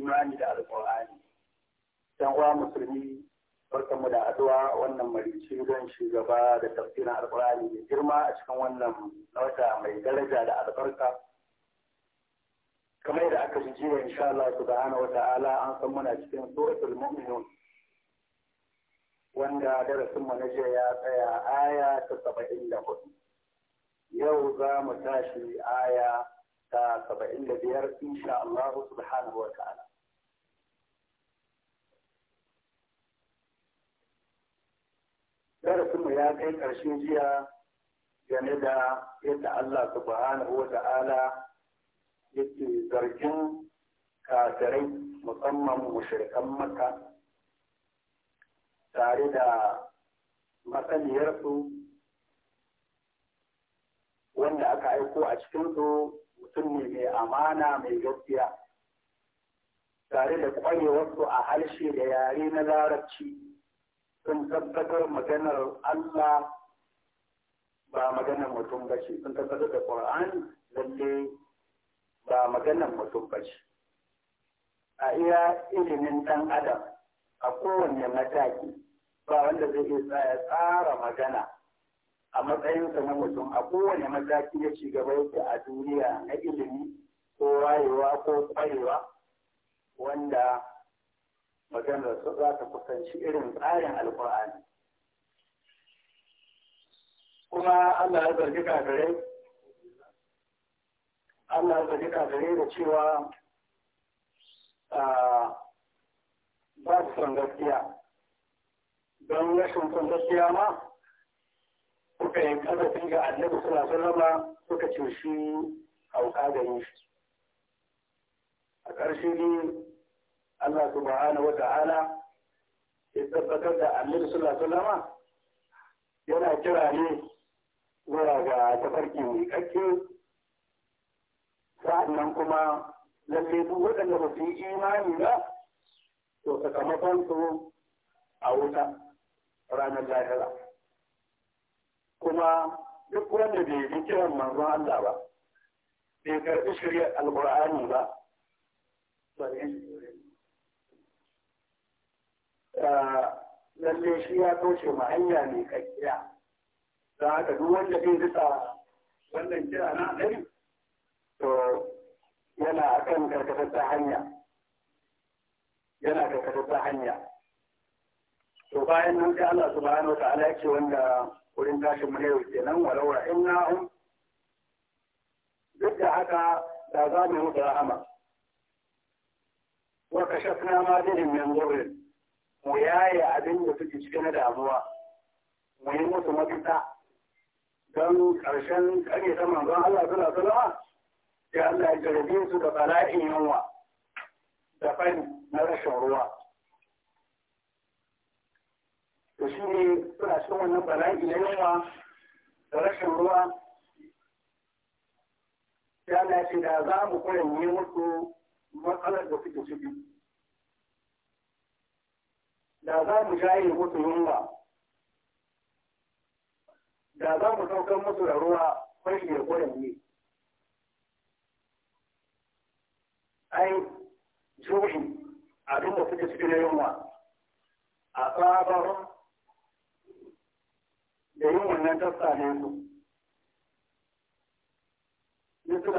imani da alƙur'ani yan uwa musulmi mu da addu'a wannan marici don shugaba da tafsirin alƙur'ani mai girma a cikin wannan wata mai daraja da albarka kamar da aka ji jiya insha Allah subhanahu wata'ala an san muna cikin suratul mu'minun wanda darasin mu na jiya ya tsaya aya ta saba'in da hudu yau za mu tashi aya ta saba'in da biyar insha Allah subhanahu wata'ala mu ya kai ƙarshe jiya game da yadda Allah subhanahu wa ta'ala yake zargin kafirai musamman mushrikan maka tare da matsaniyarsu wanda aka aiko a cikinsu mutum ne mai amana mai gaskiya tare da ƙwarewarsu a harshe da yare na larabci sun tabbatar maganar Allah ba maganar mutum ba ce sun tabbatar da Ƙwar'an lalle ba maganar mutum ba ce a iya ilimin ɗan adam a kowane mataki ba wanda zai iya tsaya tsara magana a matsayinsa na mutum a kowane mataki ya ci gaba yake a duniya na ilimi ko wayewa ko kwarewa wanda maganar su za ta kusanci irin tsarin alkur'ani kuma Allah ya zargi kafirai Allah ya zargi kafirai da cewa ah, ba su son gaskiya don rashin son gaskiya ma kuka yi ƙarfin ga annabi suna sallama suka ce shi hauka da shi a ƙarshe ne Allah subhanahu wa ta'ala ya tabbatar da annabi sallallahu alaihi yana kira ne zuwa ga tafarki mai kakke sa'annan kuma lalle duk waɗanda ba su yi imani ba to sakamakon su a wuta ranar lahira kuma duk wanda bai yi kiran manzon Allah ba bai karɓi shirya alƙur'ani ba lalle shi ya toshe ma hanya ne kakkiya a ka duk wanda zai rika wannan kira na dari to yana kan karkatar hanya yana karkatar hanya to bayan nan sai Allah subhanahu wataala ya ce wanda wurin tashin mu yau kenan walau ra'inahum duk da haka da za mu yi rahama wa kashafna ma dinin min dhurrin mu yaye abin da suke na damuwa mu yi musu mafita don ƙarshen ƙarfe ta manzon Allah suna sallama sai Allah ya jarabe su da bala'in yunwa da fari na rashin ruwa to shi ne suna cikin wannan bala'i na yunwa da rashin ruwa Allah ya ce da za mu koyan yi musu matsalar da suke ciki da za mu jaye musu yunwa da za mu saukar musu da ruwa fashi da kuranni ai juhi abin da suke cikin yunwa a tsabarun da yin wannan tafsa ne su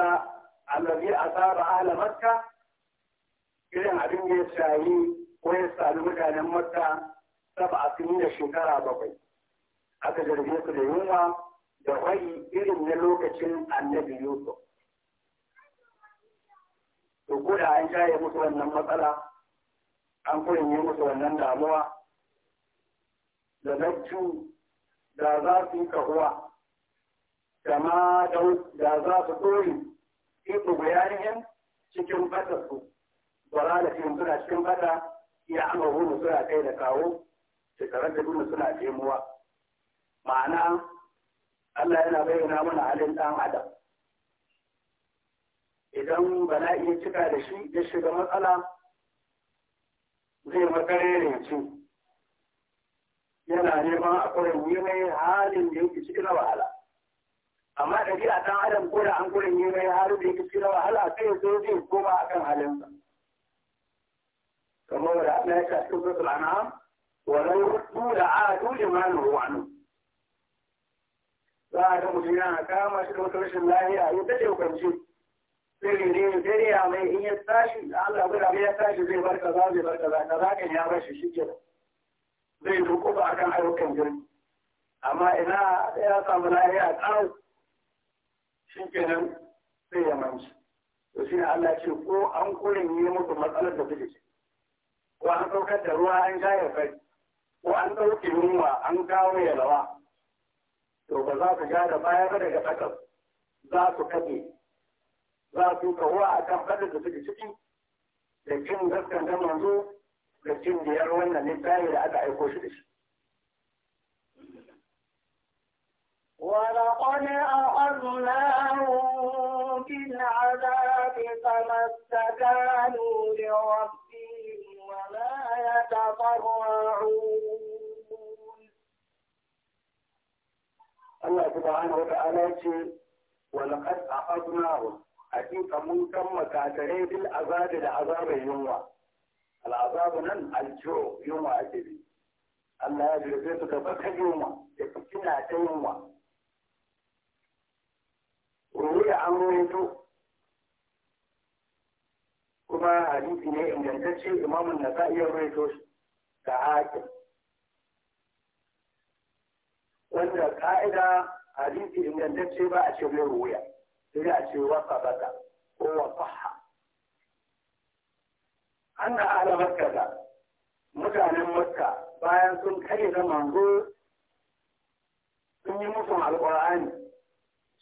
allabi a asaba ala makka irin abin da ya shayi ko ya sami mutanen makka saba a sun da shekara bakwai aka zarge su da yunwa da wani irin na lokacin annabi yusuf to ko da an shaye musu wannan matsala an kurinye musu wannan damuwa da zaccu da za su yi kahuwa kama da za su tsori iko bayanin cikin fatarsu da suna cikin fata ya amurhu suna kai da kawo shekarar da duna suna jemuwa ma'ana Allah yana bayyana mana halin ɗan adam idan bala'i iya cika da shi ya shiga matsala zai makarere ce yana neman a kuren yi mai halin da yake cikin wahala amma da a ɗan adam ko da an kuren yi mai halin da yake cikin wahala sai ya zo zai koma akan halinsa كما ورأنا يشاء سورة الأنعام ولو ردوا لعادوا لما نهوا عنه za a ga mutum yana kama shi da wata rashin lahiya ya daɗe kwanci sai ne dare ya mai in ya tashi da Allah guda bai ya tashi zai bar kaza zai bar kaza kaza kan ya bar shi shike zai duku ba akan ayyukan jirgi amma ina ya samu lahiya tsaro shikenan Allah ce ko an kurin ya mutu matsalar da take ko an ɗaukar da ruwa an gaya kai ko an ɗauki yunwa an kawo yalawa to ba za su gada baya ba daga ƙasar za su kaɗe za su kawo a kan faɗin da suke ciki da cin gaskan da manzo da cin biyar wannan littafi da aka aiko shi da shi. ولقد أخذناهم بالعذاب فما استكانوا لربهم ولا يتضرعون الله سبحانه وتعالى ce ولقد أخذناهم a من كم بالعذاب العذاب يوم العذاب نن الجوع يوم أجري Allah ya jirage su gaba ta yunwa da kina ta yunwa. Ruwa an kuma hadisi ne ingantacce imamun na ka'iyar raito da hakim wanda ka'ida hadisi ingantacce ba a ce mai ruwaya sai a ce wasa baka ko wasaha an na ala makka mutanen makka bayan sun kare da manzo sun yi musu alƙur'ani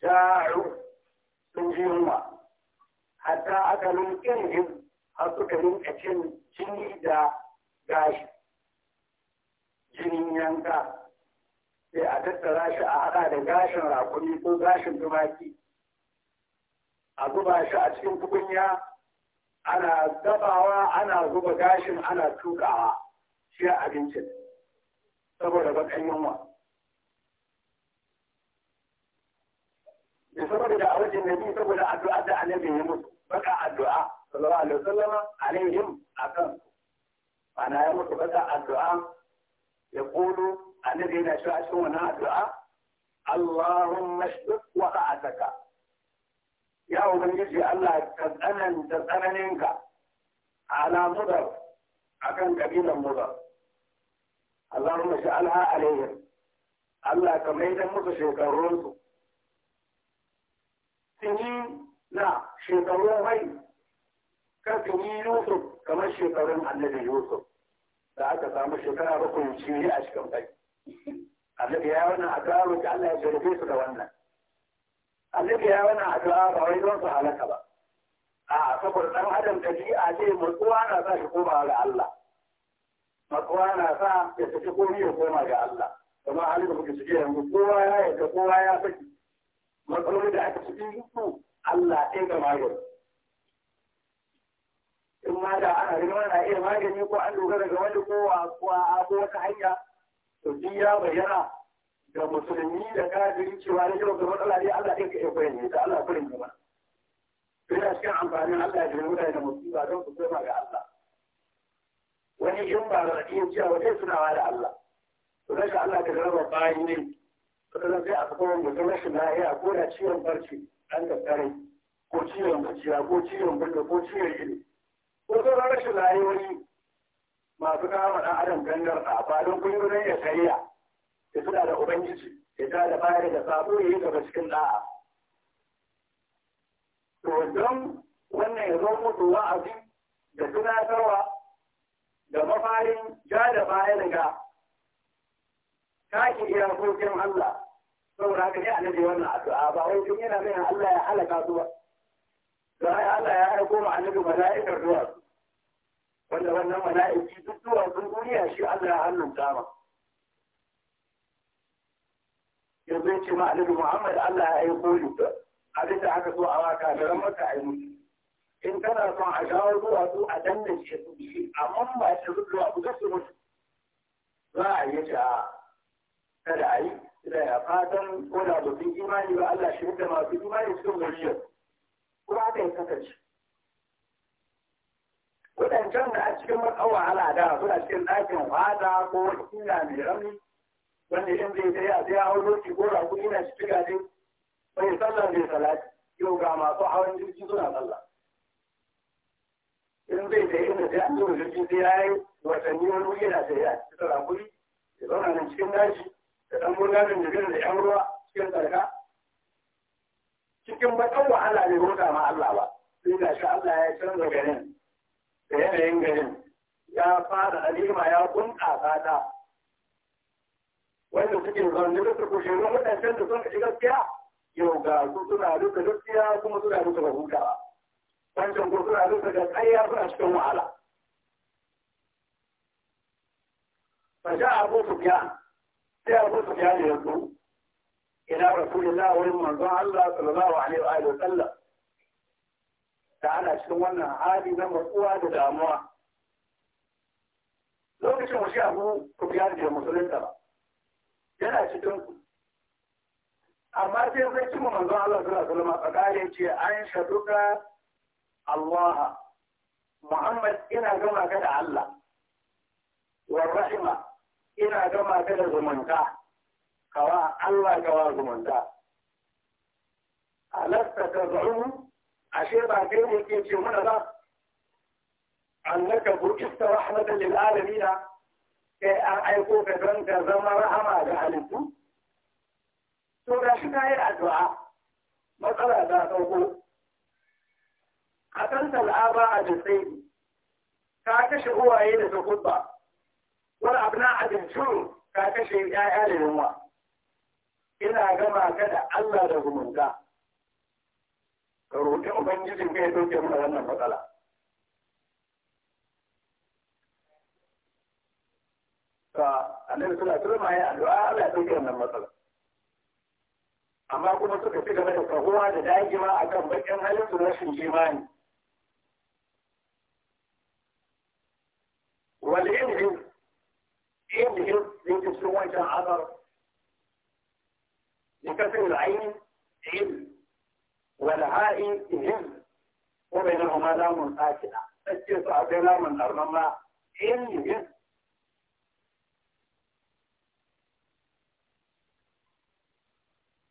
sha'u sun ji yunwa hatta aka nan ƙirgin har suka rinka cin jini da gashi jinin yanka sai a tattara shi a haɗa da gashin rakumi ko gashin tumaki a zuba shi a cikin tukunya ana dafawa ana zuba gashin ana tukawa shi abincin saboda bakan yunwa da saboda da a wajen nabi saboda addu'a da annabi ya mutu baka addu'a sallallahu alaihi wasallam alaihim akan ana ya mutu baka addu'a ya kulu annabi yana shi a cikin wannan addu'a Allahumma shuk wa ta'ataka ya ubangiji Allah ka tsananta tsananinka ala mudar akan kabilan mudar Allahumma sha'alha alaihim Allah ka maida musu shekarunsu sun yi na shekarun mai kan yi Yusuf kamar shekarun annabi Yusuf da aka samu shekara bakwai ciri a cikin bai. Annabi ya wannan addu'a roki Allah ya jarfe su da wannan. Annabi ya wannan addu'a ba wai don su halaka ba. A saboda dan adam da a ce matsuwa na sa shi koma ga Allah. Matsuwa na sa ya saki komi ya koma ga Allah. Kamar halin da muke suke yanzu kowa ya yarda kowa ya saki. Matsaloli da aka ciki su Allah ɗin ga magani in ma da ana rima na iya magani ko an dogara ga wani ko a ko wata hanya to ji ya bayyana ga musulmi da kafiri cewa da yau ga matsala dai Allah ɗin ka iya bayyana ta Allah kurin gaba yana cikin amfanin Allah ya mutane da musiba don su koma ga Allah wani in ba da iya cewa wajen sunawa da Allah to zaka Allah ka raba bayi ne to sai a kawo mutum rashin lafiya ko da ciwon barci ɗan tattare ko ciwon gajiya ko ciwon bulga ko ciwon ido ko sauran rashin layoyi masu kama ɗan adam gangar a ba don kullum ya shari'a ya suna da ubangiji ya ta da baya da sabo ya yi gaba cikin da'a to don wannan ya zo mutu wa'azi da tunatarwa da mafarin ja da baya daga take iyakokin Allah saboda haka ne annabi wannan addu'a ba wai kun yana mai Allah ya halaka su ba da Allah ya aiko ma annabi mala'ikar zuwa wanda wannan mala'iki duk zuwa sun duniya shi Allah ya hannun ma yanzu ya ce ma annabi Muhammad Allah ya aiko ni abin da aka so a waka da maka a yi mutu in kana son a shawo zuwa su a dandace su amma ba ta zuwa ku ga mutu za a yi ta kada a yi da fatan ko da mutum imani ba Allah shi da masu imani sun guriyar kuma haka ya kasance waɗancan da a cikin matsawa al'ada suna cikin ɗakin fata ko ina mai rami wanda in zai ta yi a zai hau lokaci ko ragu ina shi tuga ne bai sallah zai salati yau ga masu hawan jirgi suna sallah in zai ta yi inda sai an zo jirgi sai ya yi watanni wani wuri yana sai ya ci sarakuri ya zauna nan cikin daji da mun murna da jirgin da ƴan ruwa cikin zarga. Cikin baƙan wahala bai huta ma Allah ba, sai ga shi Allah ya canza garin da yanayin garin ya fara alima ya bunƙasa ta. Wanda suke zaune da su kushe ruwan waɗancan da sun kashi gaskiya yau ga su suna duka gaskiya kuma suna duka da hutawa. Wancan ko suna duka da tsayya suna cikin wahala. Faja Abu Sufyan sai abu su ya yanzu ila rasulullah wurin manzon Allah sallallahu alaihi wa alihi wasallam da ana cikin wannan hali na matsuwa da damuwa lokacin wasu abu ku biya da musulunta ba yana cikin ku amma sai zai ci mu manzon Allah sallallahu alaihi wasallam tsakanin ce an shaduka Allah Muhammad ina gama ka da Allah wa rahima ina gama ta da zumunta kawa Allah kawa zumunta alasta ka za'umu ashe ba kai ne ke ce mana ba annaka bu'ista rahmatan lil alamin kai an aiko ka don ka zama rahama ga halittu to ga shi ta yi addu'a matsala ta sauko a kan tal'aba a jisai ka kashe uwaye da ta kubba wani abu na abincin ka kashe ‘ya'ya da yunwa ina gama ka da Allah da zumunta ka roƙi ubangijin ka ya ɗauke mana wannan matsala ka annabi suna turma ya addu'a Allah ya ɗauke wannan matsala amma kuma suka fi gaba da kahuwa da dagima kan bakin halin su rashin kimani. imani wal'inhim عين يمكن وجه عبر لكسر العين علم والعاء هم وبينهما لام ساكنة تسجيل صعبين لام أرمما علم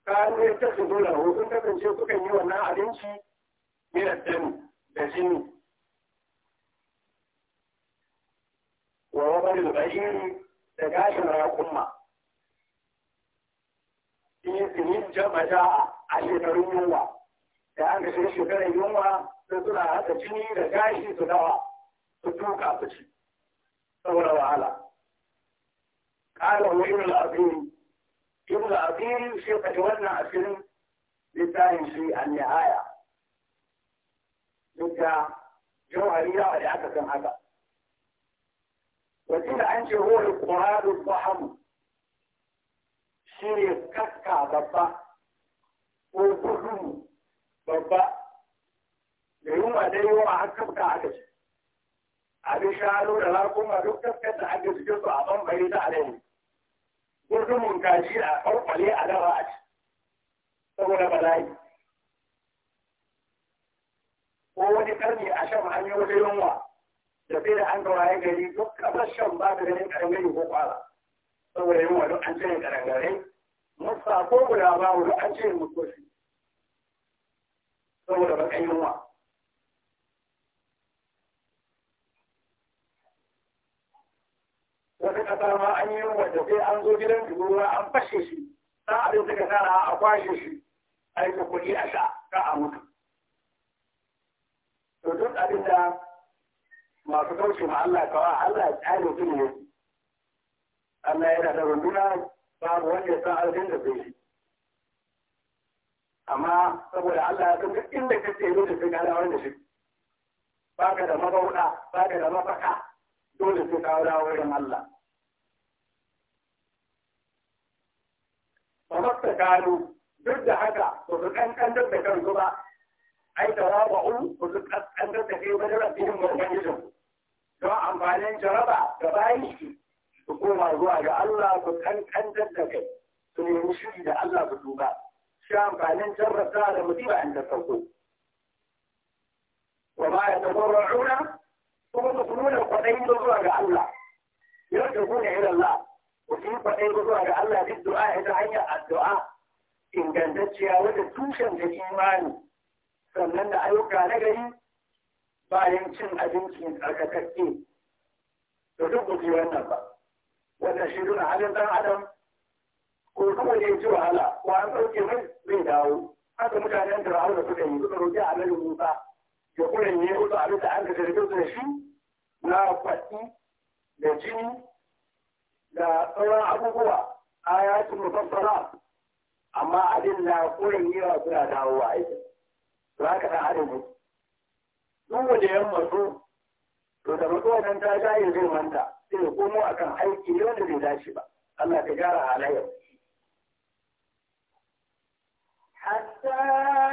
قالوا يتخذوا له كنت بنشوفك أني وانا علمشي من الدم بجني ووضع البعير da gashin raƙumma yin jama'a a shekarun yunwa da an ga shekarar yunwa sai suna haka jini da gashi su dawa su tuka su ci saboda wahala قال wannan الأبير littafin shi a جوانا Duk da في النهاية ضد جوهرية ولعكس haka? wakila an ce huwa alquradu baham shi ne kaska babba ko gudu babba da yunwa da yawa har kaska aka ce abin shanu da lakuma duk kaskar da aka cike su a bambari da alayi gudumin kaji a farfale a dawa a ci saboda bala'i ko wani karni a shan hanyar wata yunwa da sai da an ga wayan gari duk kasashen ba ta ganin karamin ko kwara saboda yin wani an cire karangare musa ko guda ba wani an cire mutoshi saboda ba yi yunwa wata ƙasa ma an yi yunwa da sai an zo gidan ruwa an fashe shi abin suka tara a kwashe shi a yi kuɗi a sha ka a mutu to duk abin da masu kauce ma Allah kawa Allah ya tsare su ne Allah ya da runduna babu wanda ya san arzikin da zai shi amma saboda Allah ya san duk inda ka ce da sai ka dawo da shi baka da mabauda baka da mafaka dole sai ka dawo wurin Allah ba masta kanu duk da haka ba su kankan da kansu ba ai da raba'u ba su kankan da kai ba da mai wa ubangijinsu don amfanin jaraba da bayi su koma zuwa ga Allah ku kankantar da kai su nemi shiri da Allah ku duba shi amfanin jarrata da musiba in da sauko wa ma ya tabarra'una kuma su nuna kwaɗayi zuwa ga Allah yadda ku ne irin Allah ku yi kwaɗayi zuwa ga Allah duk du'a ita hanyar addu'a ingantacciya wadda tushen da imani sannan da ayyuka na gari bayan cin abinci tsarkakakke da duk guji wannan ba wannan shi nuna halin ɗan adam ko kuma ya ji wahala ko an ɗauke mai zai dawo haka mutanen da ra'au da suka yi suka roƙi a nan musa ya kuma yi wasu abin da an ka zarge da shi na kwaɗi da jini da sauran abubuwa a ya yakin mufassara amma abin na kuren yawa suna dawowa aiki. Za ka ɗan adam duk wanda ya matsu to da mutuwa nan ta jaye zai manta sai ya komo akan aiki ne wanda zai dace ba Allah ta gyara halayen Hatta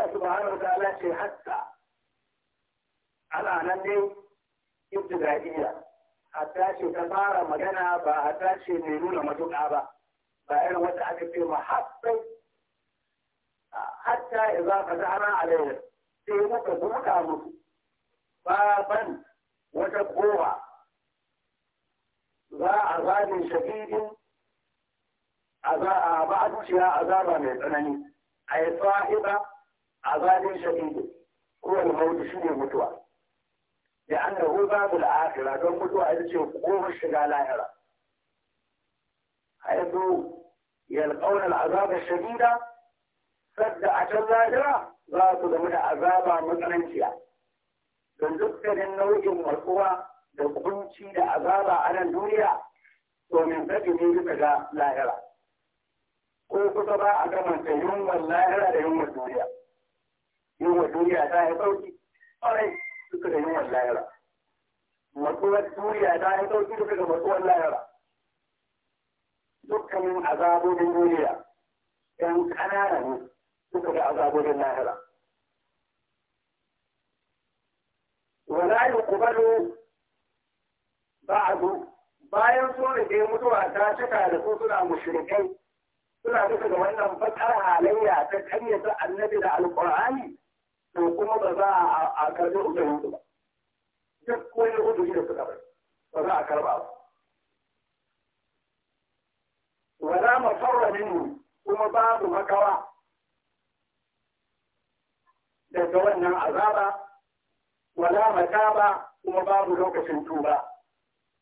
الله سبحانه وتعالى شيء حتى على نبي ابتدائية حتى شيء تبارى مجنى حتى شيء نيلون مجنى با فإن وسعت في محطة حتى إذا فتحنا عليه في مكة مكة مكة بابا وتبقوها ذا عذاب شديد عذاب بعد شيء عذاب من أي صاحبه azabin shadidi ko al-maut shine mutuwa da annahu babu al don mutuwa ita ce ko shiga lahira haythu yalqawna al-azab ash-shadida a can lahira za su gamu da azaba matsananciya don dukkanin nau'in matsuwa da kunci da azaba a nan duniya domin sake ne bisa ga lahira ko kusa ba a gamanta yunwar lahira da yunwar duniya yunwa duniya ta yi sauki ƙwarai duka da yunwa lahira matsuwar duniya ta yi sauki duka da matsuwar lahira dukkanin azabodin duniya 'yan ƙanana ne duka da azabodin lahira wala yuqbalu ba'du bayan sun rike mutuwa ta cika da su suna mushrikai suna duka da wannan bakar halayya ta karyata annabi da alqur'ani to kuma ba za a karbi ujirin ba duk wani ujiri da suka bai ba za a karba ba wala mafarra minhu kuma babu makawa daga wannan azaba wala mataba kuma babu lokacin tuba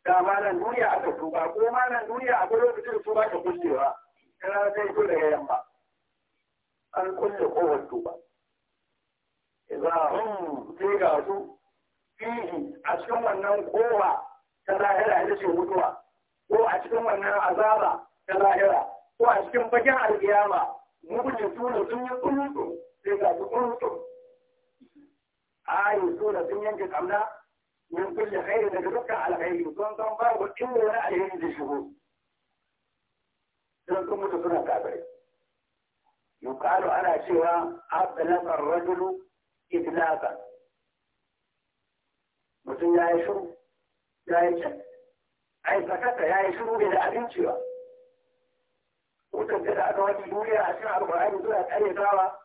da nan duniya aka tuba ko nan duniya akwai lokacin tuba ka kuskewa kana zai zo daga yamma an kulle kowar tuba za hum sai ga su fihi a cikin wannan kowa ta zahira ita ce mutuwa ko a cikin wannan azaba ta zahira ko a cikin bakin alkiyama mutum tuna sun yi tsuntsu sai ga su tsuntsu ayi tuna sun yanke kamna min kulle khairi daga dukkan alkhairi sun san babu inda wani alheri da shigo don sun mutu suna kafirai yukalu ana cewa abdalaka rajulu itlaqan mutum ya yi shiru ya yi can ai sakaka ya yi shiru ne da abinci ba wutar da aka wani duniya a cikin alƙur'ani suna ƙaryatawa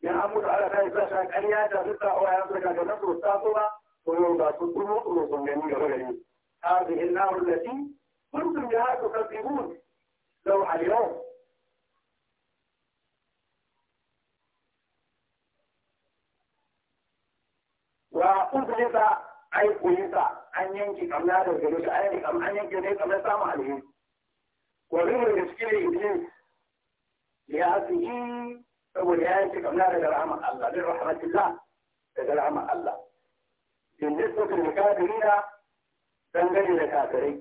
ya an mutu ala kai sa shan ƙarya da duka wa ya suka ga su ta so ba to yau ga su kuma duro sun gani gaba gari hadhihi an-nar allati kuntum biha tukadzibun law al-yawm kun kare sa ai koyi sa an yanke kamna da gare shi ai an yanke ne kamar samu alheri ko ne da suke da iblis ya asihi saboda ya yanke kamna da rahmar Allah da rahmatillah da rahmar Allah in da suka da dangane da kafirai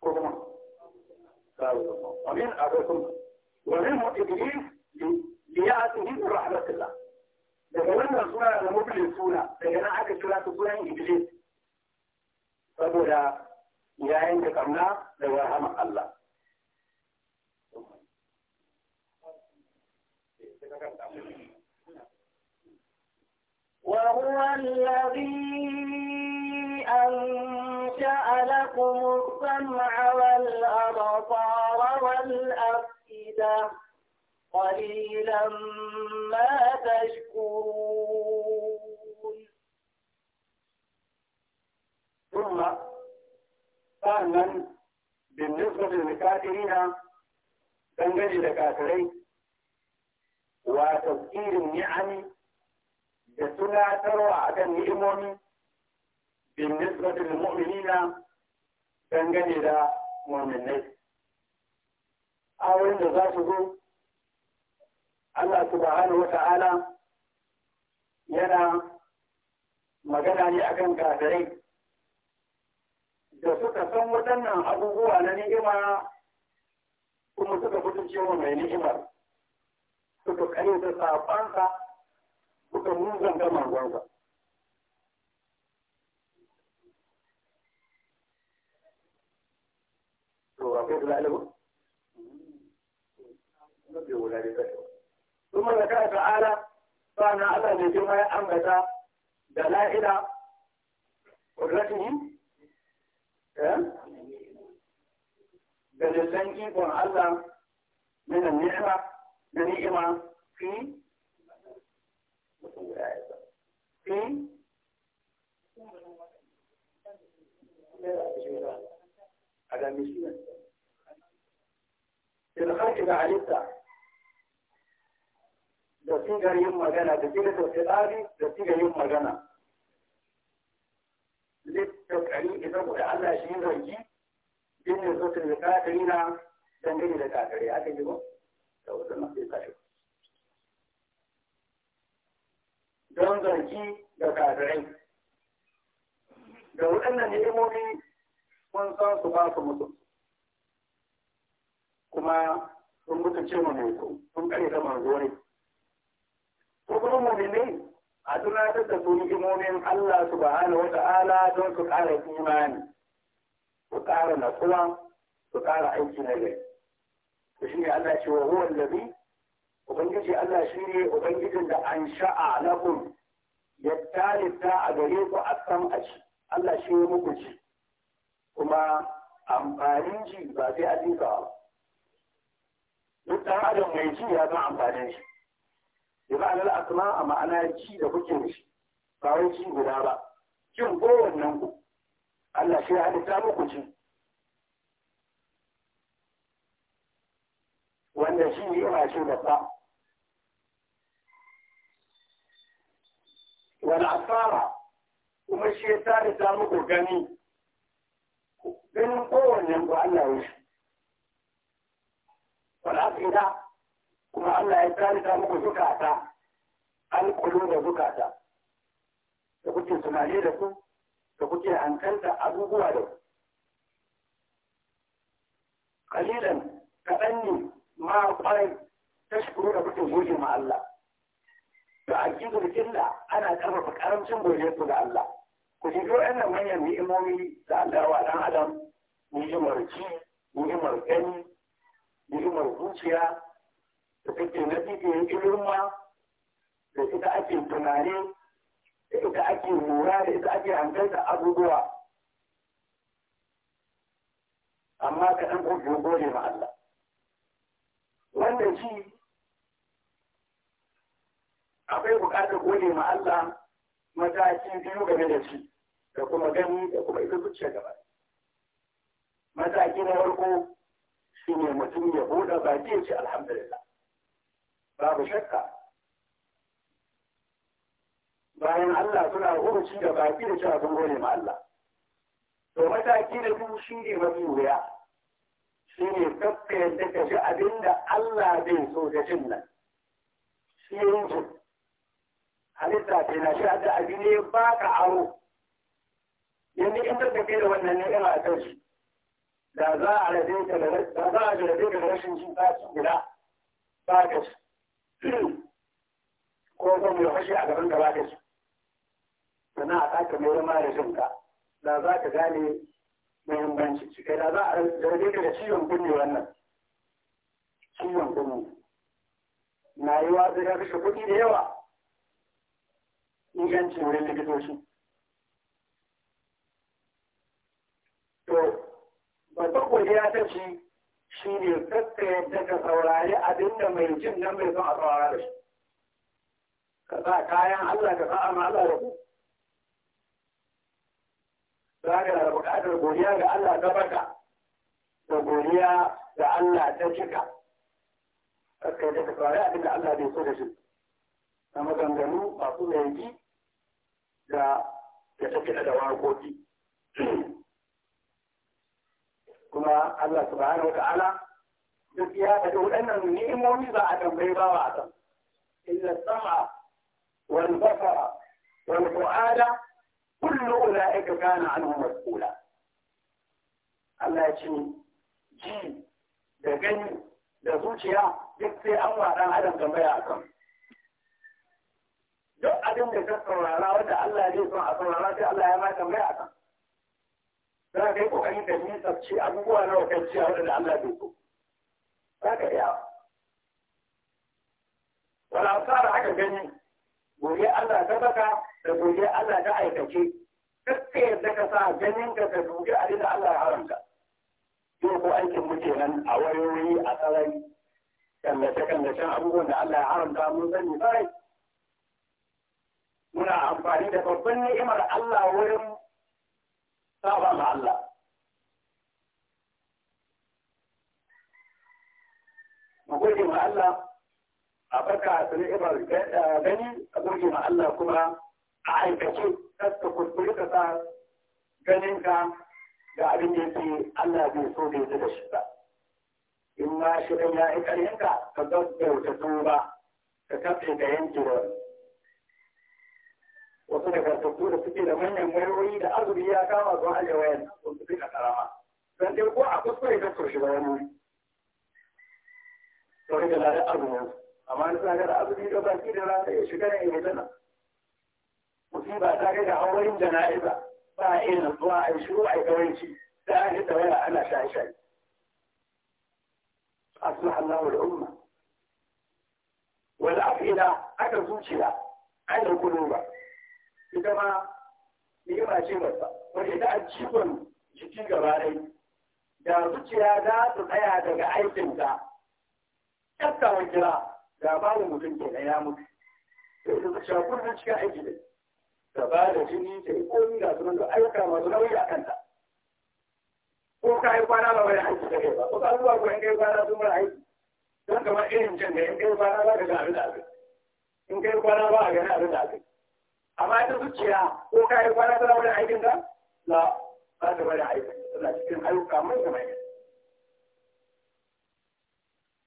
ko kuma ومن أبوكم ومنه إبليس ليأتيه برحمة الله daga wannan suna da mubin suna, daga nan aka kira su sunan iblis saboda ya da kamna da rahama Allah وهو الذي أنشأ لكم السمع والأبصار والأفئدة قليلا ما تشكرون ثم فهما بالنسبة للكافرين تنجلي لكافرين وتذكير النعم بسنة تروى عدم النعم بالنسبة للمؤمنين تنجلي مؤمنين أو إن ذاته Allah subhanahu ta'ala yana magana ne akan kafirai da suka san waɗannan abubuwa na ni'ima kuma suka fito cewa mai ni'imar suka kare da safansa suka muzan ga mangonsa to akwai da alibu? Mafi wula da ثم ذكر تعالى فأنا على نجمة أمتا دلائل قدرته دليلان إيقون الله من النعمة نعمة في في على مشيئة في الخلق إذا علمت da sigar yin magana da sigar tsari da sigar yin magana littakari idan kuɗa Allah shi zargi din ne zo da zakatari na dangane da kakari aka yi ba da wasu masu kashe don zargi da kakarai da waɗannan ni'imomi mun san su ba su mutu kuma sun mutu ce mu mai sun kare da manzo ne kuma mu'minai a tunatar da su ni'imomin Allah subhanahu wata'ala don su ƙara imani su ƙara natsuwa su ƙara aiki na gari to shine Allah ce wa huwa allazi ubangiji Allah shine ubangijin da an sha'a lakum ya talitta a gare ku a san a ci, Allah shi ya muku ci kuma amfanin ji ba sai a ba duk ɗan adam mai ci ya san amfanin shi bi ma'anar asma a ma'ana ci da kuke shi ba wai ci guda ba cin kowannen ku Allah shi ya halitta muku ci wanda shi yana shi da ta? wani asara kuma shi ya tarita muku gani ganin kowannen ku Allah ya shi wani asira kuma Allah ya tsanita muku zukata alƙulu da zukata da kuke tunani da ku, da kuke hankalta abubuwa da ku. kalilan kaɗan ne ma ƙwarai ta shukuru da kuke goge ma Allah da aƙidar illa ana ƙarfafa ƙaramcin goge su da Allah ku ji do'yan nan manyan ni'imomi da Allah wa ɗan adam ni'imar ci ni'imar gani ni'imar zuciya da take natijiyar ilma da ita ake tunani da ita ake lura da ita ake hankalta abubuwa amma ka ɗan ƙofi gode ma Allah Wanda shi akwai buƙatar gode ma Allah mataki biyu game da shi da kuma gani da kuma ita zuciya gaba mataki na farko shi ne mutum ya buɗe baki ya ce alhamdulillah babu shakka bayan Allah suna hukunci da baki da cewa sun gode ma Allah to mataki na biyu shi ne mafi wuya shi ne kakka yadda ka ji abin da Allah zai so da jin nan shi yankin halitta ce na shi da abin ne ba ka aro yanzu in ka da wannan ne ina a shi da za a rabe ka da rashin jin ba gida ba ka shi ko ba mu fashe a gaban gaba da su sannan a sake mai zama da jinka da za ka gane muhimmanci cikai da za a zarge ka da ciwon kunne wannan ciwon kunne na yi wa zai kashe kuɗi da yawa inganci wurin likitoci to ba babban godiya ta ci shi ne kakka saurari abinda mai jin nan mai son a saurara da shi ka sa kayan Allah ka sa'a ma Allah da ku za ka da buƙatar godiya ga Allah ta baka da godiya ga Allah ta cika kakka yi daga saurari abinda Allah bai so da shi na maganganu masu laifi da ya tafi da waƙoƙi kuma Allah subhanahu wa ta'ala duk ya faɗi waɗannan ni'imomi za a tambayi ba wa akan illa sama wal basara wal fu'ada kullu ulaika kana anhu mas'ula Allah ya ce ji da gani da zuciya duk sai an wa dan adam tambaya akan duk abin da ka saurara wanda Allah ya sun a saurara sai Allah ya ma tambaya akan za ka yi kokarin ka nisa ce abubuwa nawa kan ciya waɗanda Allah bai so za ka iya wala da aka gani gobe Allah ta baka da gobe Allah ta aikace kakka yadda ka sa ganin ka ka dubi a da Allah ya haramta yau ko aikin muke nan a wayoyi a sarari kallace kallacen abubuwan da Allah ya haramta mun sani sarai muna amfani da babban ni'imar Allah wurin saba ma Allah mu gode ma Allah a barka da ibar gani a gode ma Allah kuma a aikace tsaka kuskure ka sa ganin ka ga abin da yake Allah bai so bai da shi ba in ma shi ya yi ƙaryanka ka gaggauta tuba ka tafi da yanki da wani wasu da karfafu da suke da manyan wayoyi da azumi ya kama zuwa ajiye wayan sun su fika karama don dai ko a kuskure ta soshi ba wani to da ladar azumin amma na sa da azumi da baki da rana ya shiga ne ya tana musiba ta kai da hawarin jana'iza ba a iya nutsuwa a yi shiru a yi kawanci da an yi tawaya ana shaye-shaye أصلح الله الأمة والأفئدة على الزوجية على القلوب ita ma ni'ima ce babba wanda ita a cikon jiki gaba ɗai da zuciya za su tsaya daga aikinta tsaftawan kira da babu mutum ke na ya Sai da ita zuciya kullum cikin aiki ne ta ba da jini ta yi komi da sunan da ayyuka masu nauyi a kanta ko ka yi kwana ba wani aiki da kai ba wasu zuwa ko in kai kwana sun mara aiki don kamar irin can da in kai kwana ba ka ga abin da abin in kai kwana ba a gani abin da abin amma ita zuciya ko ka yi kwana tana wurin aikin ka la ba ta bada aikin tana cikin ayyuka mai da mai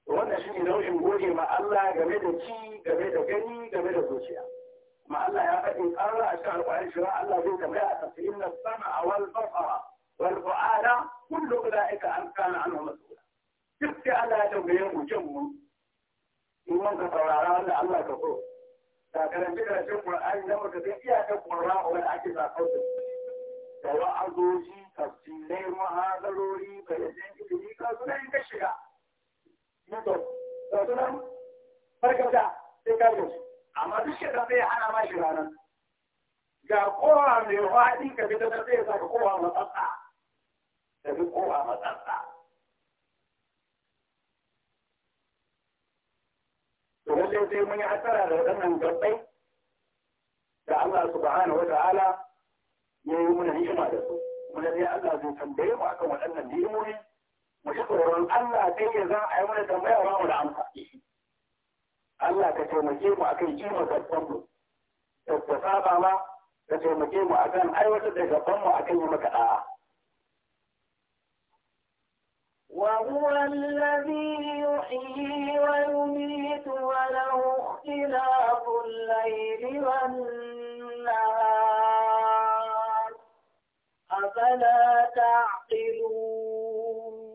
wannan shi ne nau'in goge ma Allah game da ci game da gani game da zuciya ma Allah ya faɗi ƙarra a cikin alƙwarin shi Allah zai tambaya a tafsirin na sama a wal basara wal fu'ada kullu ulaika an kana anhu su. duk sai Allah ya tambaye mu jin mu in ka saurara wanda Allah ka so da karance karancen Qur'ani na mutum sai iyakar Qur'ani wanda ake zakar da da wa'azoji tafsirai muhadarori bayanan ilimi ka suna yin ka shiga mutum da sunan farkata sai ka gudu amma duk shi zai hana ma shi ranar. ga kowa mai waɗi ka fita da zai saka kowa matsatsa da duk kowa matsatsa to lallai sai mun yi hasara da waɗannan gabbai da Allah subhanahu wa ya yi muna hikima da su muna sai Allah zai tambaye mu akan waɗannan ni'imomi mu ji tsoron Allah sai ya za a yi mana tambaya ba mu da amsa Allah ka taimake mu akan kima gaban mu da saba ma ka taimake mu akan aiwatar da gaban mu akan yi maka da'a وهو الذي يحيي ويميت وله اختلاف الليل والنهار أفلا تعقلون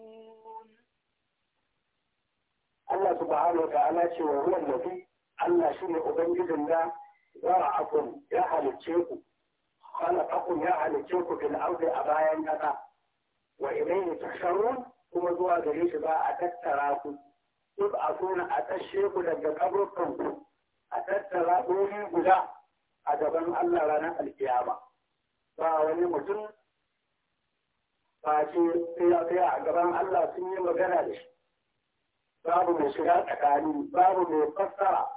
الله سبحانه وتعالى وهو الذي Allah shi ne Ubangijin da zara'akun ya halicce ku, khalaqakum ya halicce ku fil ardi a bayan ƙasa, wa ilayhi tusharun kuma zuwa gare shi ba a tattara ku duk a na a tashe ku daga kaburkan ku a tattara wuri guda a gaban Allah ranar alkiyama ba wani mutum ba ce tsaya a gaban Allah sun yi magana da shi babu mai shiga tsakani babu mai fassara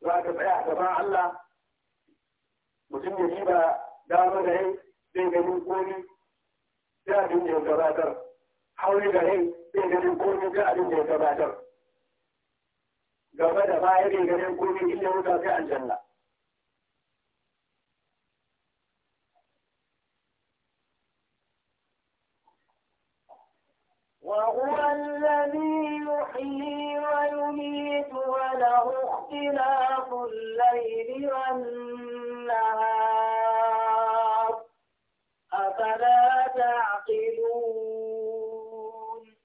za ka tsaya a gaban Allah mutum ya ba damar da yai zai gani komi جاهل يتبادر حول جاهل يجب أن يكون جاهل يتبادر قبل فائر يجب أن يكون إلا متابع الجنة وهو الذي يحيي ويميت وله اختلاف الليل والنهار أفلا تعقلون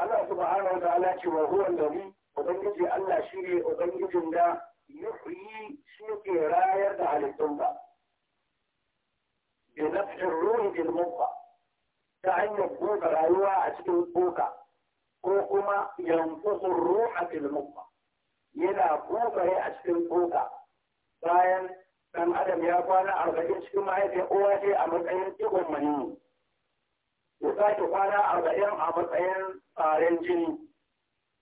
الله سبحانه وتعالى وهو الذي أبنجي الله شيء أبنجي لا يحيي شيء راية على الدنبا بنفس الروح بالمبقى تعني بوك رايوة أشكل بوك كوكما ينفخ الروح في المبقى يلا بوك هي أشكل بوك باين dan adam ya kwana arba'in cikin mahaifiyar uwa ce a matsayin tsohon mani ya sake kwana arba'in a matsayin tsarin jini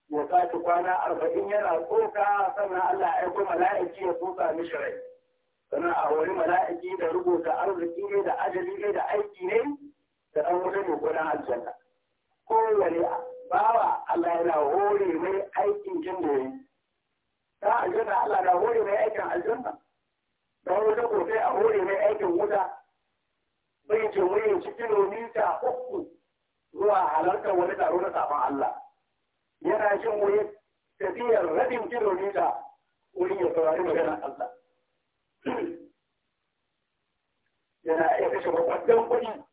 ya sake kwana arba'in yana tsoka sannan Allah ya aiko mala'iki ya tsoka mishi rai sannan a wani mala'iki da rubuta arziki ne da ajali ne da aiki ne da ɗan wuta ne ko ɗan aljanna kowane bawa Allah yana hore mai aikin jin da ya yi ta aljanna Allah na hore mai aikin aljanna da wata gobe a hore mai aikin wuta bai ce wurin ci kilomita uku zuwa halartar wani taro na safan Allah yana jin wurin tafiyar rabin kilomita wurin ya saurari maganar Allah yana iya kashe babban kuɗi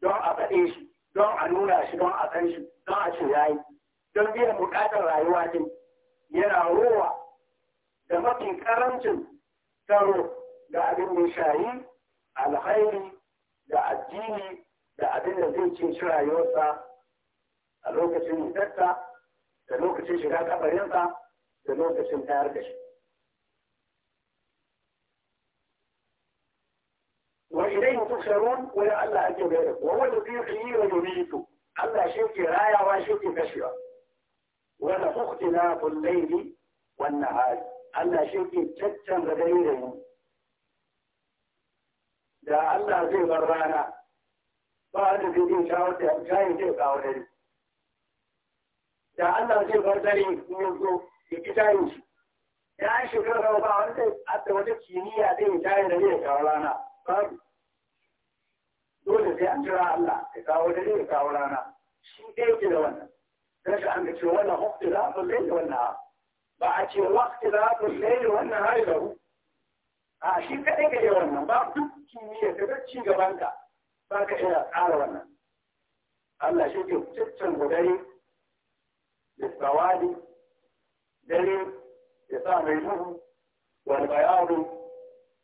don a faɗe shi don a nuna shi don a san shi don a ce yayi don biyan buƙatar rayuwa din yana rowa da mafi ƙarancin taro دا ابن مشاري على خير دا الدين دا ابن الذي تشرا يوسا لوكا تشيتا دا لوكا تشيتا كبرينتا دا لوكا تشيتا وإليه تخسرون ويا الله أنت بيرك وهو الذي يحيي ويميت الله شيخي رايا وشيخي كشفة ونفخ اختلاف الليل والنهار الله شيخي جدا غدير يوم da Allah zai bar rana ba wanda zai yi shawar da shayin zai kawo dare da Allah zai bar dare ne zo ya ki shayin shi ya an shekara ba wanda zai wata kimiyya zai yi shayin da zai kawo rana babu dole sai an jira Allah ya kawo dare ya kawo rana shi ɗaya ke da wannan don shi an ce wannan hukuta za a fi da wannan ba a ce wakti za a fi da wannan hari da hukuta a shi kaɗai ka yi wannan ba duk kimiyya ka ga gaban ka ba ka iya tsara wannan Allah shi ke ciccin gudare da tsawali dare ya sa mai duhu wani bayanu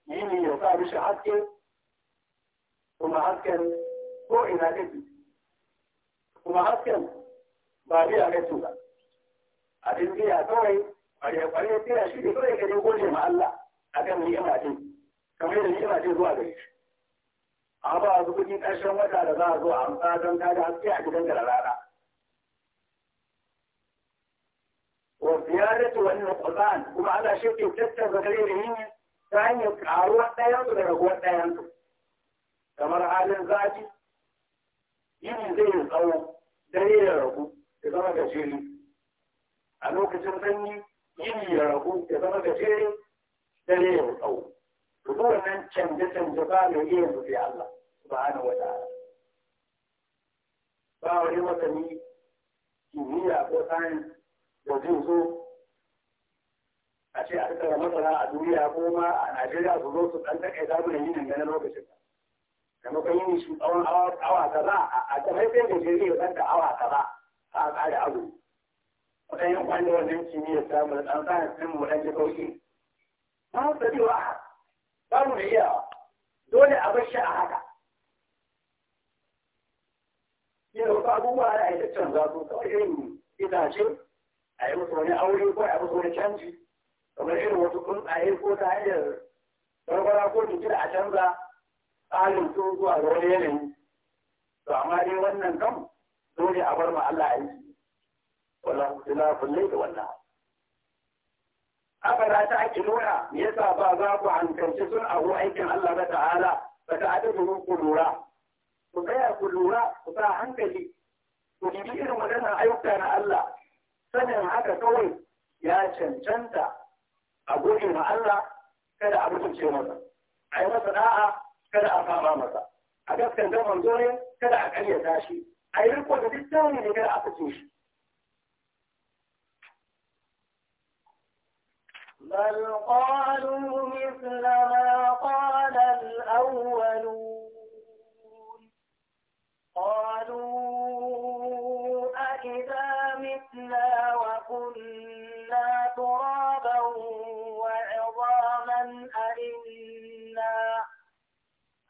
yini ya sa mishi haske kuma hasken ko ina kake kuma hasken ba biya kake ba abin biya kawai a ya kware ya tira shi ne kawai ka je gode ma Allah Akan kan ni'ima ce kamar zuwa gare shi a ba a kuɗi ƙarshen wata da za a zo a amsa don kada haske a gidan da rana wa ziyaratu wannan qur'an kuma ana shi ke tattara gare da yin ta hanyar karuwar ɗayan su da raguwar ɗayan su kamar halin zafi yin zai yi tsawo dare ya ragu ya zama gajeri a lokacin sanyi yin ya ragu ya zama gajeri dare ya tsawo to dole nan canje canje ba mai iya yanzu sai Allah subhanahu wataala ba wani masani kimiyya ko sayan da zai zo a ce a tattara masara a duniya ko ma a Najeriya su zo su ɗan takaita mana yinin ganin lokacin maimakon yin shi tsawon awa kaza a kamar sai da shirya ya da awa kaza a tsari abu wadannan kwanin wannan kimiyyar samun ɗan sa'in sun mu ɗan ji kauki ما تدير أحد قالوا هي دول أبشع هذا yau ba abubuwa da ake canza su kawai irin itace a yi musu wani aure ko a musu wani canji kamar irin wasu tsuntsaye ko ta hanyar barbara ko jiki da a canza tsarin su zuwa ga wani yanayi to amma dai wannan kam dole a bar ma Allah aiki wala kutila kullai da wannan abara ta ake nuna me yasa ba za ku hankalci sun abu aikin Allah ba ta'ala ba ta ake ku lura ku tsaya ku lura ku sa hankali ku bibi irin waɗannan ayyuka na Allah sanin haka kawai ya cancanta a Allah kada a mutunce masa a yi masa da'a kada a fama masa a gaskanta manzo ne kada a karyata shi a yi riko da duk ne kada a fice shi بل قالوا مثل ما قال الأولون قالوا أئذا متنا وكنا ترابا وعظاما أئنا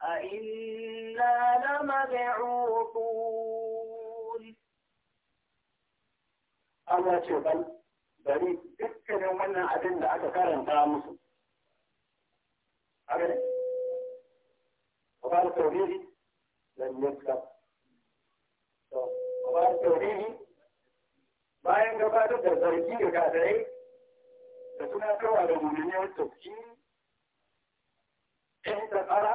أئنا لمبعوثون أما شبل Bari dukkanin wannan abin da aka karanta musu. Haka ne? Kwabar tauriri, ba suka. Kwabar tauriri, bayan gabatar da zargi da gadarai, da suna kawa da mummuniyar tafki, in ta tsara,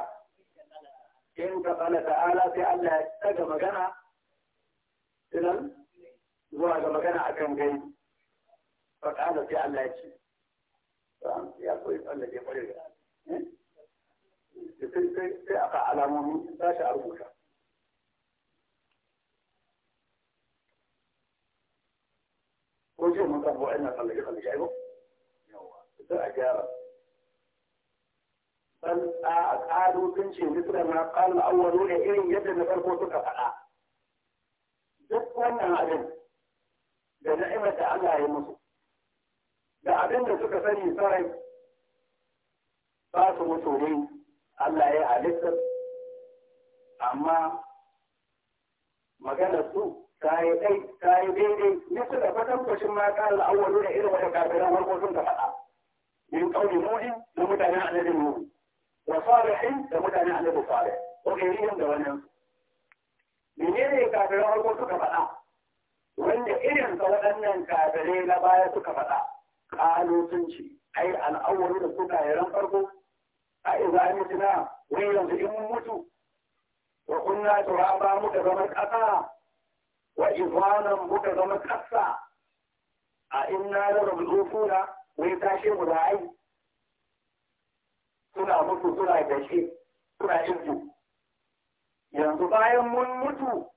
in da tsara ta'ala sai Allah ya daga magana, idan zuwa ga magana akan gani. faka da sai Allah ya ce ya koyi wanda ke kwarewa sai aka alamomi ta shi a rubuta ko ce mun samu wa'in na tsallake tsallake aiko ta a gyara dan a ƙaru sun ce misra na ƙalu awwalu da irin yadda na farko suka faɗa duk wannan abin da na'imar da Allah ya musu da abin da suka sani sarai ba su mutu ne Allah ya halitta amma maganar su ta yi daidai nisa da fatan kwashin ma kalar awwalu da irin wata kafiran warko sun ka faɗa min kauli mu'in da a annabi nuhu wa salihin da mutane a annabi salih ko irin da wannan menene kafiran warko suka faɗa wanda irin sa waɗannan kafirai na baya suka faɗa kalotunci ai al'awwalu da suka yaran farko a iza an mutuna wai yanzu in mun mutu wa kunna turaba muka zama kasa wa ifanan muka zama kasa a inna da rabzufuna wai tashe mu da ai suna mutu suna gashi suna izu yanzu bayan mun mutu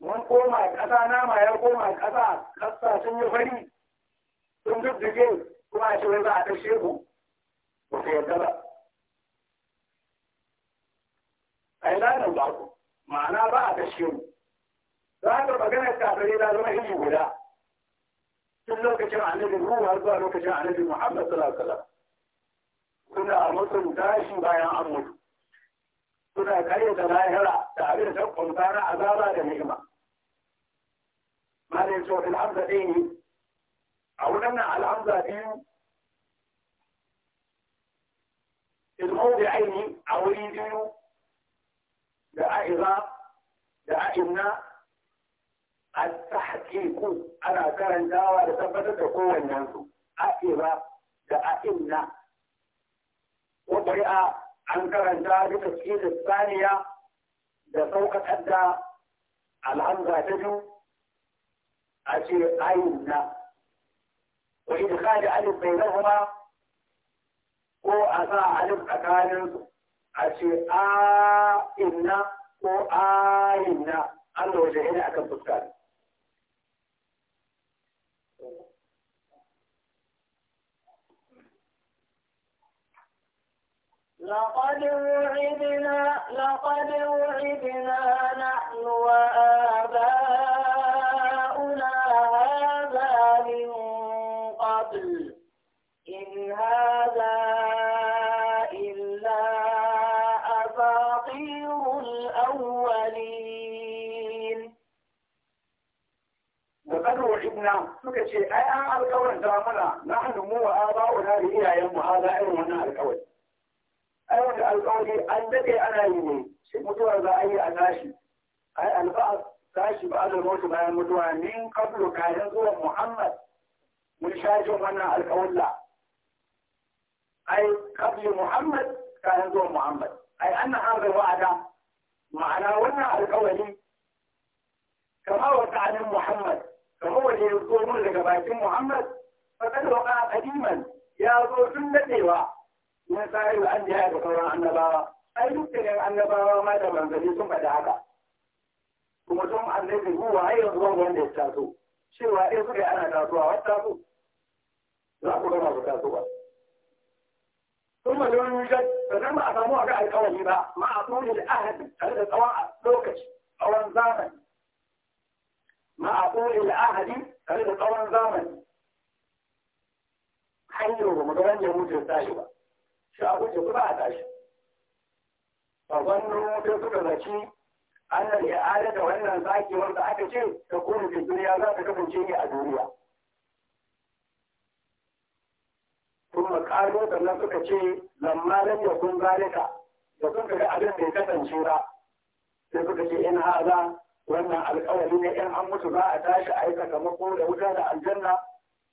mun koma ƙasa nama ya koma ƙasa ƙasa sun yi fari sun dudduke kuma a ce za a tashe ku ba ku yarda ba a yi lanin ba ku ma'ana ba a tashe mu za ka maganar kafirai ta zama hiji guda tun lokacin annabi ruwa zuwa lokacin annabi Muhammad sallallahu alaihi wasallam a mutum tashi bayan an mutu suna karyata lahira da abin da ta kwanta na azaba da ni'ima ما da yace wani hamza ɗaya ne a waɗannan alhamza biyu ilmau da aini a wuri biyu da a'iza da a'inna a tahqiqu ana karantawa da tabbatar da kowannen su a'iza da a'inna wa qari'a an karanta duka cikin saniya da sauƙaƙar da alhamza ta biyu أجل أين وإذ خاد ألف بينهما هو أفا ألف أكاد أجل أين هو أين أنا وجهنا أكم بسكار لقد وعدنا لقد وعدنا نحن وآباؤنا قبل إن هذا إلا أباطير الأولين لقد وعدنا سكتشي أي أنا القول دامنا نحن مو وآباؤنا هي يوم هذا أي وانا القول أي وانا القول الذي أنا يلي mutuwar za a yi a tashi ai alba'a tashi ba da mutu bayan mutuwa min kablu kayan zuwan muhammad mun sha jin wannan alƙawalla ai qabli muhammad kayan zuwa muhammad ai anna hadha wa'ada ma'ana wannan alƙawari kama wa ta'anin muhammad kama wanda ya zo mun daga bakin muhammad fakad waqa qadiman ya zo tun daɗewa. mun sai an da sauran annabawa ai duk dukkanin annabawa ma da manzanni sun faɗi haka kuma sun annabi huwa ai yanzu wanda ya taso cewa in eh suka ana tasowa wata taso za ku gama ku taso ba sun ma don wujar sannan ba a samu a ga alkawari ba ma a tsoni da ahadi tare da tsawon lokaci tsawon zamani ma a tsoni da ahadi tare da tsawon zamani hanyar ba mu ga wanda wujar tashi ba shi a wuce ku ba a tashi a wannan wutar suka zaci an da ya adada wannan zakewar da aka ce ta kuma duniya za ta kasance ne a duniya da suka ce, na ثم قالوا لما da لما لم abin da ya kasance ba, sai suka ce in haza wannan alƙawari ne in an mutu za a tashi a yi sakamako da wuta da aljanna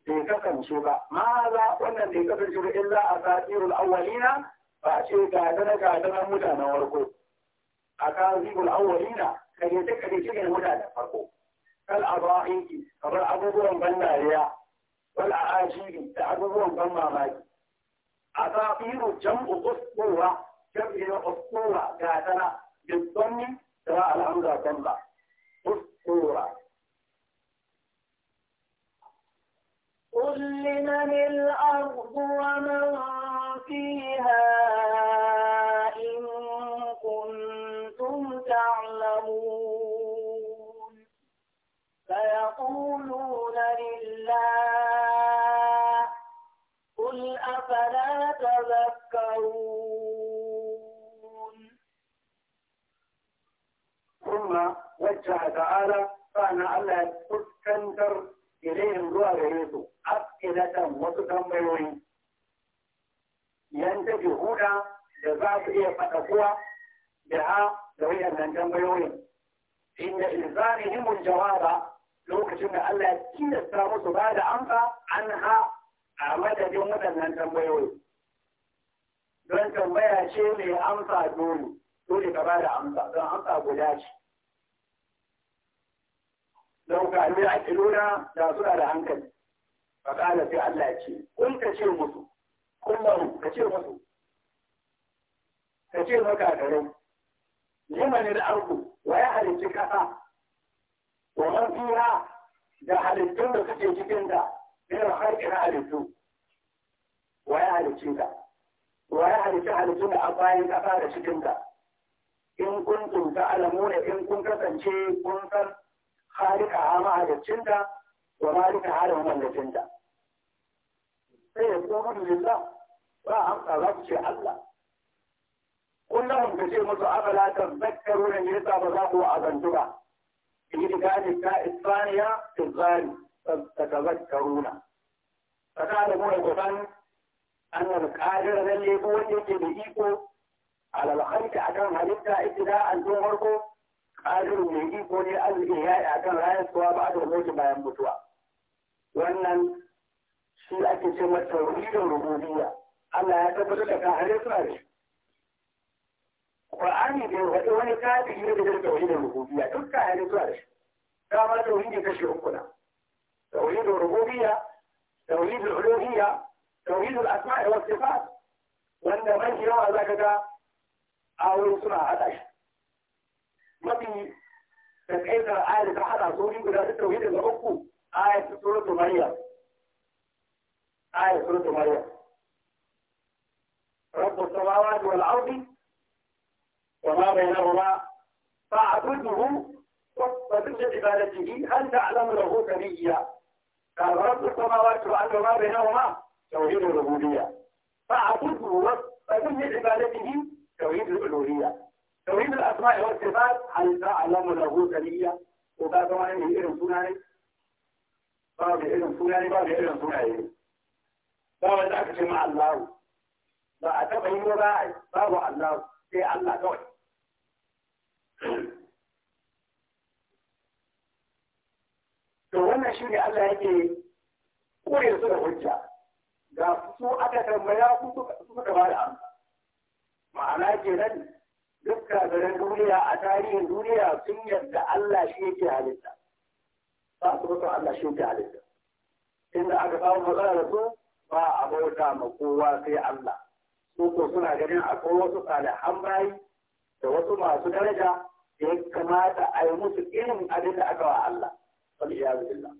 bai kasance ba ma za wannan bai kasance ba in za a sa'irul awwalina ba ce ga dana ga dana mutanen warko, a kazibul awwalina kare ta kare ta mutanen farko kal abahi kamar abubuwan ban dariya wala ajiri da abubuwan ban mamaki a zafiru jam'u بالضم سواء ضمة أسطورة قل لمن الأرض ومن فيها إن كنتم تعلمون فيقولون لله kuma wacce a ta'ala sa'ana Allah ya fuskantar ilayin zuwa ga Yesu a tsinatan wasu tambayoyi. Yan tafi huda da za su iya faɗa kuwa da ha da wayan nan tambayoyin. Inda ilzari himun jawaba lokacin da Allah ya kila samu ba da amsa an ha a madadin waɗannan tambayoyin. don tambaya ce mai amsa dole dole ka bada amsa don amsa guda ce don ka bi a kilona da suna da hankali fa kala sai Allah ce kun ka ce musu kun lahu ka ce musu ka ce maka gare liman al-ardu wa ya halitta kasa wa man fiha da halittun da suke cikin da irin harkin halittu wa ya halitta wa ya halitta halittu da bayan ƙasa da cikinta in kuntum ta'lamuna in kun kasance kun san halika ha mahalicinta wa malika halin mallacinta sai ya kuma mutu lillah ba amsa za ku Allah kullum ka ce musu afala tazakkaru ne yasa ba za ba ta أن الكافر الذي يقول يجب على الخلق أكرم هل إبتاء إبتداء الزهر كافر من إيقو لأزئياء أكرم هاي السواء بعد الموت ما يموتوا وأن الشيء يسمى التوحيد الربوبية ألا يتبقى لك أهل إسرائيل قرآن يقول وإن كان يجب التوحيد الربوبية تبقى أهل إسرائيل كما توحيد كشي أمنا توحيد الربوبية توحيد الألوهية توحيد الاسماء والصفات وان من يرى ذاك ذا او يسمع هذا ما في تسعيد الآية التي تحدى سوري إلى التوحيد الأخو آية سورة مريم آية سورة مريم رب السماوات والأرض وما بينهما فاعبده وتنشد عبادته هل تعلم له سبيا قال رب السماوات والأرض وما بينهما توحيد الربوبية فاعبده وكن عبادته توحيد الألوهية توحيد الأسماء والصفات هل تعلم له سبيلا وبعد ما ينهي إلى سناني بعد إلى سناني بعد إلى سناني بعد ذلك مع الله بعد تبعين وبعد بعد الله في الله توحيد to wannan shi ne Allah yake kore su da hujja ga su aka tambaya su suka ba da amsa ma'ana kenan duk garin duniya a tarihin duniya sun yarda Allah shi yake halitta ba su rasa Allah shi yake halitta inda aka samu matsala da su ba a bauta ma kowa sai Allah su ko suna ganin akwai wasu salihan bayi da wasu masu daraja da ya kamata a yi musu irin abin da aka wa Allah wal iyyazu billah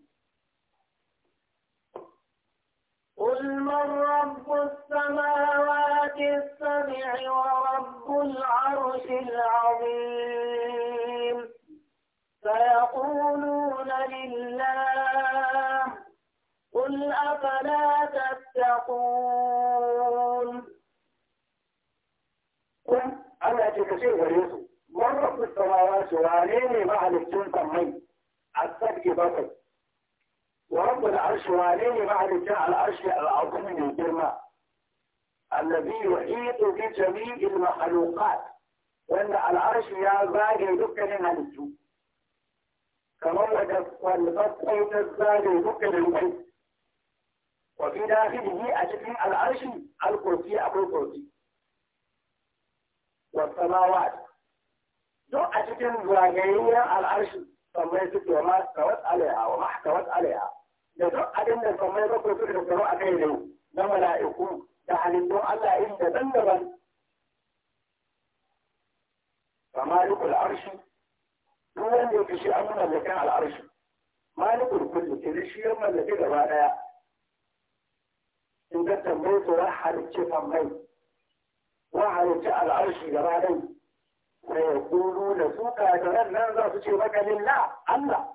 قل من رب السماوات السبع ورب العرش العظيم فيقولون لله قل أفلا تتقون قل أنا كثير غريزه من رب السماوات وعليني مع الاجتماع السبع بطل ورب العرش وعليه بعد جاء العرش العظيم الجنة الذي يحيط بجميع المخلوقات وان العرش يا باقي دكان هلسو كما وجد والبطل تزاقي دكان هلسو وفي داخله أجل العرش الكرسي أبو الكرسي والسماوات دو أجل زاقيين العرش فما يسد وما استوت عليها وما احتوت عليها da duk abin da kamar bakwai da zama a kai yau, na mala'iku da halittun Allah in da daban-daban. Kamalikul arshi, duk wanda yake shi an mallakin al'arshi, malikul kullu ke shi ya mallaki gaba ɗaya. In ka tambaye su wa halicci fammai, wa halicci al'arshi gaba ɗaya. Sai ya kuru da suka da nan za su ce maka lillah Allah.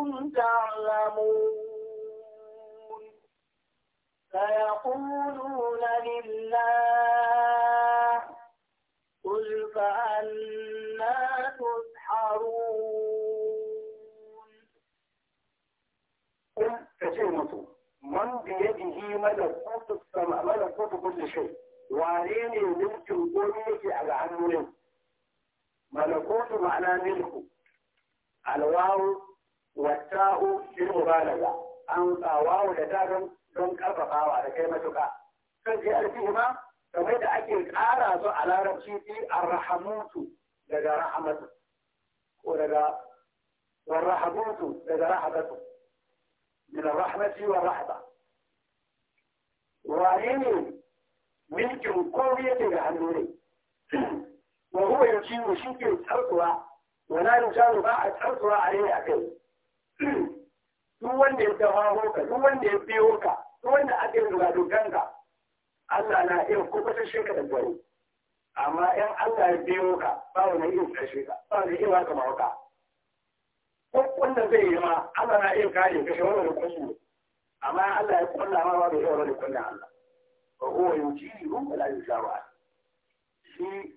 كنتم تَعْلَمُونَ سَيَقُولُونَ لِلَّهِ قُلْ فَأَنَّا تُسْحَرُونَ كثير من بيده ملكوت السماء ملكوت كل شيء وعليه ملك الدنيا على عنه ملكوت معنى ملكه الواو والتاء للمبالغه انطى واو لتاء دون كف قاوى ده كلمه تقى فجي الفيما كما اذا اكي قارا سو على ربي في الرحموت لدى رحمته ولدى والرحموت لدى رحمته من الرحمة والرحبة وعليني ملك قوية جهنوري وهو يجيب شكل تحرطها ولا نجال بعد تحرطها عليه أكيد duk wanda ya dawo ka duk wanda ya biyo ka duk wanda ake yi dogadogan ka Allah na iya kubutar shi ka da gwaro amma in Allah ya biyo ka ba wani iya tsarshe ka ba wani iya waka mawaka ko wanda zai yi ma Allah na iya kare ka shi wani ne amma Allah ya kulla ma ba da yawa wani kunna Allah ba kowa yau jiri ruwa la shi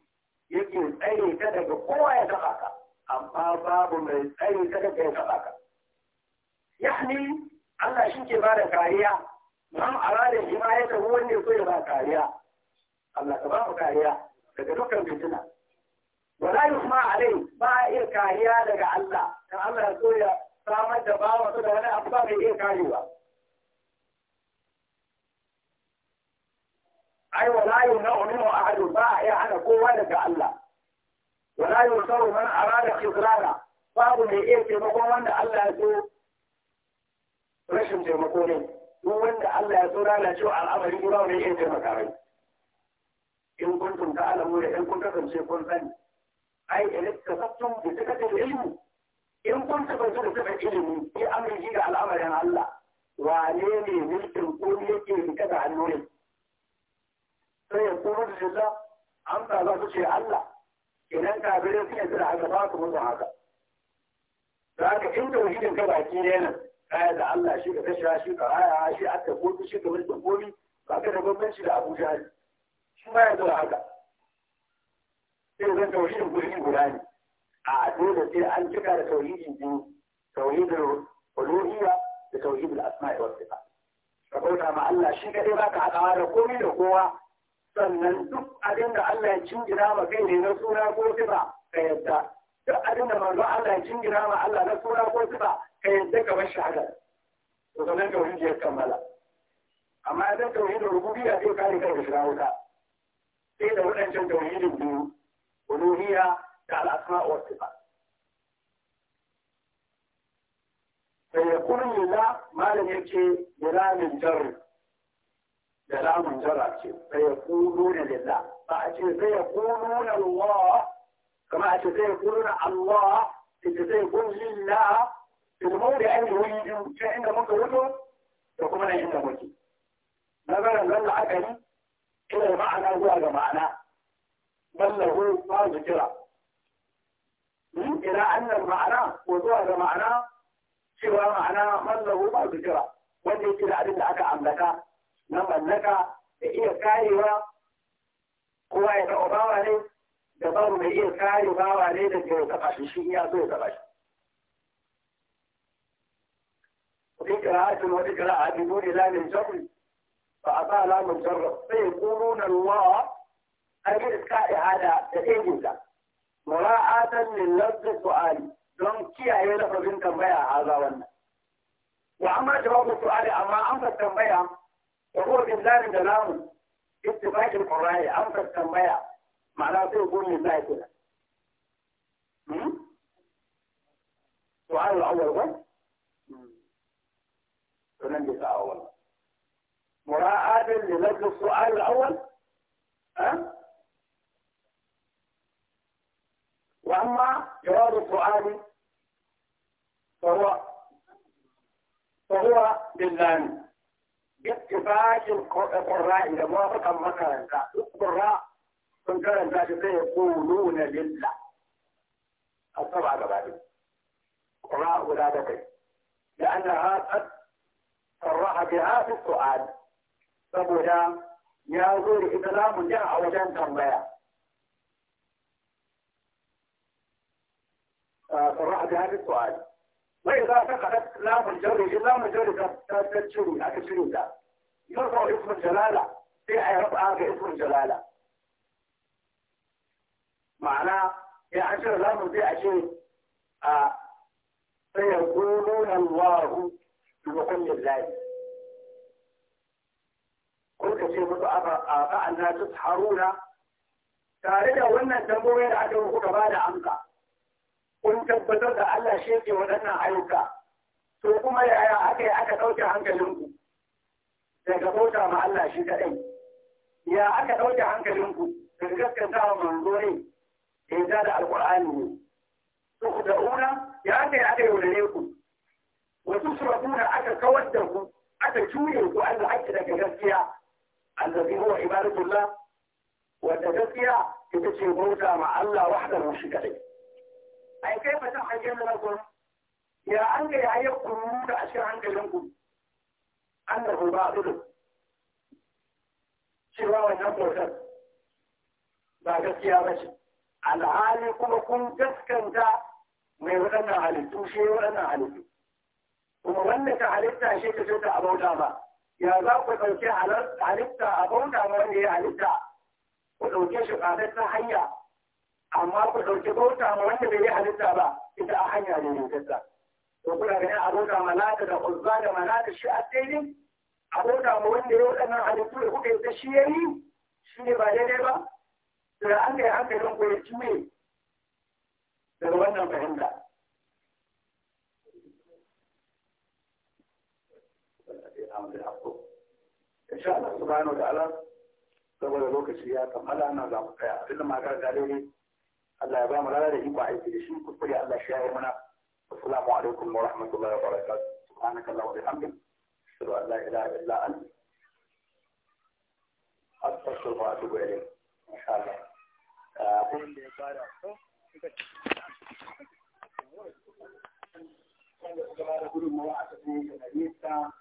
yake tsare ka daga kowa ya taɓa ka amma babu mai tsare ka daga ya taɓa ka yani Allah shi ke bada kariya man arada shi ma ya tafi wani ko ya ba kariya Allah ka ba mu kariya daga dukkan fitina wala yusma alai ba iya kariya daga Allah kan Allah so ya samar da ba wa da wani abu ba mai iya karewa ai wala yunau minhu ahad ba ya hana kowa daga Allah wala yusaru man arada khizrana babu mai iya taimakon wanda Allah ya so rashin taimako ne duk wanda Allah ya so cewa al'amari ba wani yin taimaka rai in kuntum ta alamu da in kun kasance kun sani ai in kasabtum bi takatul ilmi in kun kasance da takatul ilmi ki amri ga al'amarin Allah wane ne mulkin ko yake rike da hannu ne sai ya kuma da Allah an ta za su ce Allah idan kafirai suka jira haka ba su mutu haka Za ka in tauhidin ka baki ne nan kaya da Allah shi ka kashe shi ka haya shi aka gobe shi ka bari gobe ba ka da bambanci da Abuja Jahal shi ma ya zama haka sai zan tauhidin gurbi guda ne a dole sai an cika da tauhidin biyu tauhidin uluhiyya da tauhidin asma'i wa sifat ka bauta ma Allah shi kadai baka hadawa da komai da kowa sannan duk abin da Allah ya cingina ma kai ne na suna ko sifa ka yadda duk abin da manzo Allah ya jingira ma Allah na sura ko sifa ka yadda ka bar shahada to sanan tauhid ya kammala amma idan tauhidin rububiyya zai kare kai da shiga wuta sai da waɗancan tauhidin biyu uluhiyya da al'asma a wasu sifat sai ya kuma lila malam yake lila min jarri da lamun jarra ce sai ya kulu na lila ba a ce sai ya kulu na Allah كما أتسيقون الله أتسيقون لله المولى أن يريد عند مكوته يقومون عند مكوته نظرا لن عقلي إلى معنى هو معنى بل له ما ذكر إلى أن المعنى وضوء معنى سوى معنى من له ما ذكر wanda yake da abin da aka amlaka na mallaka da iya karewa kowa ya da obawa ne Ka babu mai iya kare bawa ne da ke taba shi shi ya so ya taba shi wani kira'atun wani kira'a bi dole lamin jarri ba a ba lamin jarra sai ya kuno na ruwa an yi iska ihada da ɗaiɗinta mura'atan min lafzin su'ali don kiyaye lafazin tambaya a haza wannan wa amma jawabu su'ali amma an fa tambaya wa huwa bin lamin da lamun ittifaqil qurra'i an fa tambaya معناته يقول قول لله كده سؤال الأول بس فننجز أول مراعاة لنجل السؤال الأول أه؟ وأما جواب السؤال فهو فهو بالذان باتفاق القراء إذا موافق المكان القراء sun karanta shi sai ya kuluna lilla a saba gaba ne ƙura guda da kai da an da hatsar sarraha bi hafi su'ad saboda ya zo da ita zamun jan a wajen tambaya صراحة بهذا السؤال وإذا فقدت لام الجر لام الجر تشرون أكشرون لا يرفع اسم الجلالة في أي رفع اسم الجلالة ma'ana ya an cire zamu zai a ce a sai ya gudu na Allahu maimakon lillahi kun ka ce mutu a ba'an na su haruna tare da wannan tambayoyin da aka kuka ba da amsa kun tabbatar da Allah shi ke waɗannan ayyuka to kuma yaya aka yi aka ɗauke hankalinku daga bauta ma Allah shi kaɗai ya aka ɗauke hankalinku daga gaskanta wa manzo ne in da alƙur'ani ne su da una ya aka yi aka ku wasu surakuna aka kawar da ku aka cure ku an da haƙƙi daga gaskiya allazi huwa ibadatullah wadda gaskiya ita ce bauta ma Allah wahdahu shi kadai ai kai fa san hanyar da ku ya an ga yayi da ashin hankalin ku annahu ba'du cewa wannan bautar ba gaskiya ba ce alhali kuma kun gaskanta mai waɗannan halittu shi waɗannan halittu kuma wanda ka halitta shi ka ce ta abauta ba ya za ku ɗauki halitta abauta ba wanda ya halitta ku ɗauke shi ta hanya amma ku ɗauki bauta ma wanda bai yi halitta ba ita a hanya ne yankarta to kuna ganin abauta lada da uzza da malata shi a daidai abauta ma wanda ya waɗannan halittu da kuka yi ta shi ya yi shi ne ba daidai ba to da an kai hankalin ku ya cuye daga wannan fahimta insha Allah subhanahu wa ta'ala saboda lokaci ya kammala ana za mu tsaya abin da magana da dai Allah ya ba mu lada da iko aiki da shi kuskure Allah shi ya yi mana assalamu alaikum wa rahmatullahi wa barakatuh subhanaka allahumma wa bihamdika ashhadu an la ilaha illa anta astaghfiruka wa atubu ilayk abin ya bada so suka gudunmawa a cikin yanarista